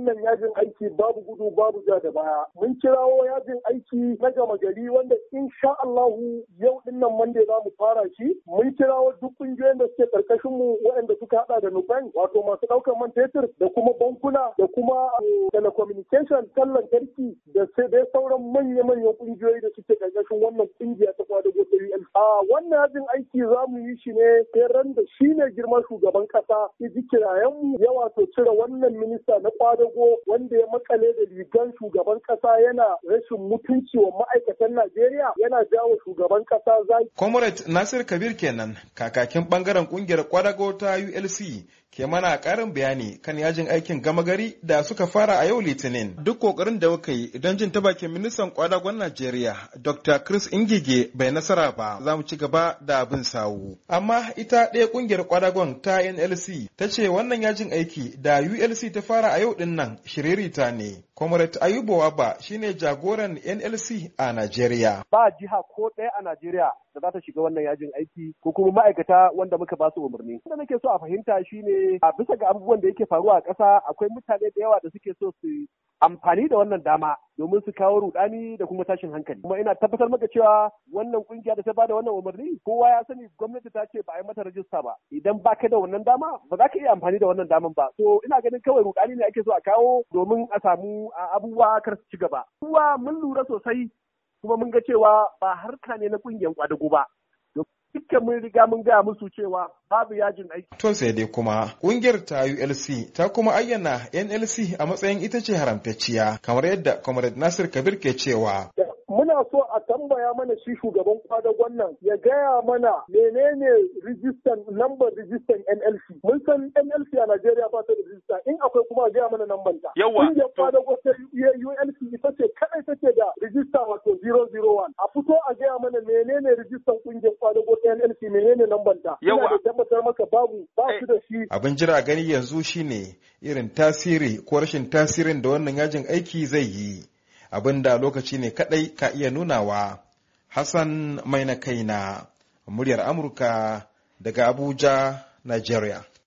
wannan yajin aiki babu gudu babu ja da baya. Mun kirawo yajin aiki na gama gari wanda insha Allahu yau dinnan Monday za mu fara shi. Mun kirawo duk kungiyoyin da suke karkashin mu waɗanda suka hada da Nubank wato masu ɗaukar man fetur da kuma bankuna da kuma eh, telecommunication kan lantarki da sai dai sauran manya-manyan kungiyoyi da suke karkashin wannan kungiya ta kwadago ta A wannan yajin aiki za mu yi shi ne sai ran da shi ne girman shugaban kasa ya ji kirayen ya wato cire wannan minista na kwadago Ko wanda ya makale da rigar shugaban kasa yana rashin mutunci wa ma'aikatan Najeriya yana jawo shugaban kasa zai. Comrade Nasir Kabir kenan kakakin bangaren kungiyar kwadago ta ULC ke mana karin bayani kan yajin aikin gama gari da suka fara a yau litinin. Duk kokarin da muka yi don jin ta bakin ministan kwadagon Najeriya Dr. Chris Ingige bai nasara ba za mu ci gaba da abin sawu. Amma ita ɗaya kungiyar kwadagon ta NLC ta ce wannan yajin aiki da ULC ta fara a yau din din nan shiririta ne. Comrade Ayuba Waba shine jagoran NLC a Najeriya. Ba jiha ko ɗaya a Najeriya da za ta shiga wannan yajin aiki ko kuma ma'aikata wanda muka ba su umarni. Wanda nake so a fahimta shine a bisa ga abubuwan da yake faruwa a ƙasa akwai mutane da yawa da suke so su amfani da wannan dama domin su kawo rudani da kuma tashin hankali kuma ina tabbatar maka cewa wannan kungiya da ta bada wannan umarni kowa ya sani gwamnati ta ce ba a yi mata rajista ba idan ba ka da wannan dama ba za ka iya amfani da wannan daman ba so ina ganin kawai rudani ne ake so a kawo domin a samu abubuwa kar su ci gaba kuma mun lura sosai kuma mun ga cewa ba harka ne na ƙungiyar kwadago ba duka mun riga mun gaya musu cewa babu yajin aiki. To sai dai kuma ƙungiyar ta ULC ta kuma ayyana NLC a matsayin ita ce haramtacciya kamar yadda Comrade Nasir Kabir ke cewa. muna so a tambaya mana shi shugaban kwadagon nan ya gaya mana menene rijistan lambar rijistan NLC. Mun san NLC a Najeriya ba ta da rijista in akwai kuma gaya mana lambar ta. Yawa. kwadagon ta ULC ita ce kadai take da rijista wato 001. A fito a gaya mana menene rijistan kungiyar kwadagon ta NLC menene lambar ta. Yawa. da tabbatar maka babu ba su da shi. Abin jira gani yanzu shine irin tasiri ko rashin tasirin da wannan yajin aiki zai yi. abinda lokaci ne kadai ka iya nunawa hassan mai na kaina muryar amurka daga abuja nigeria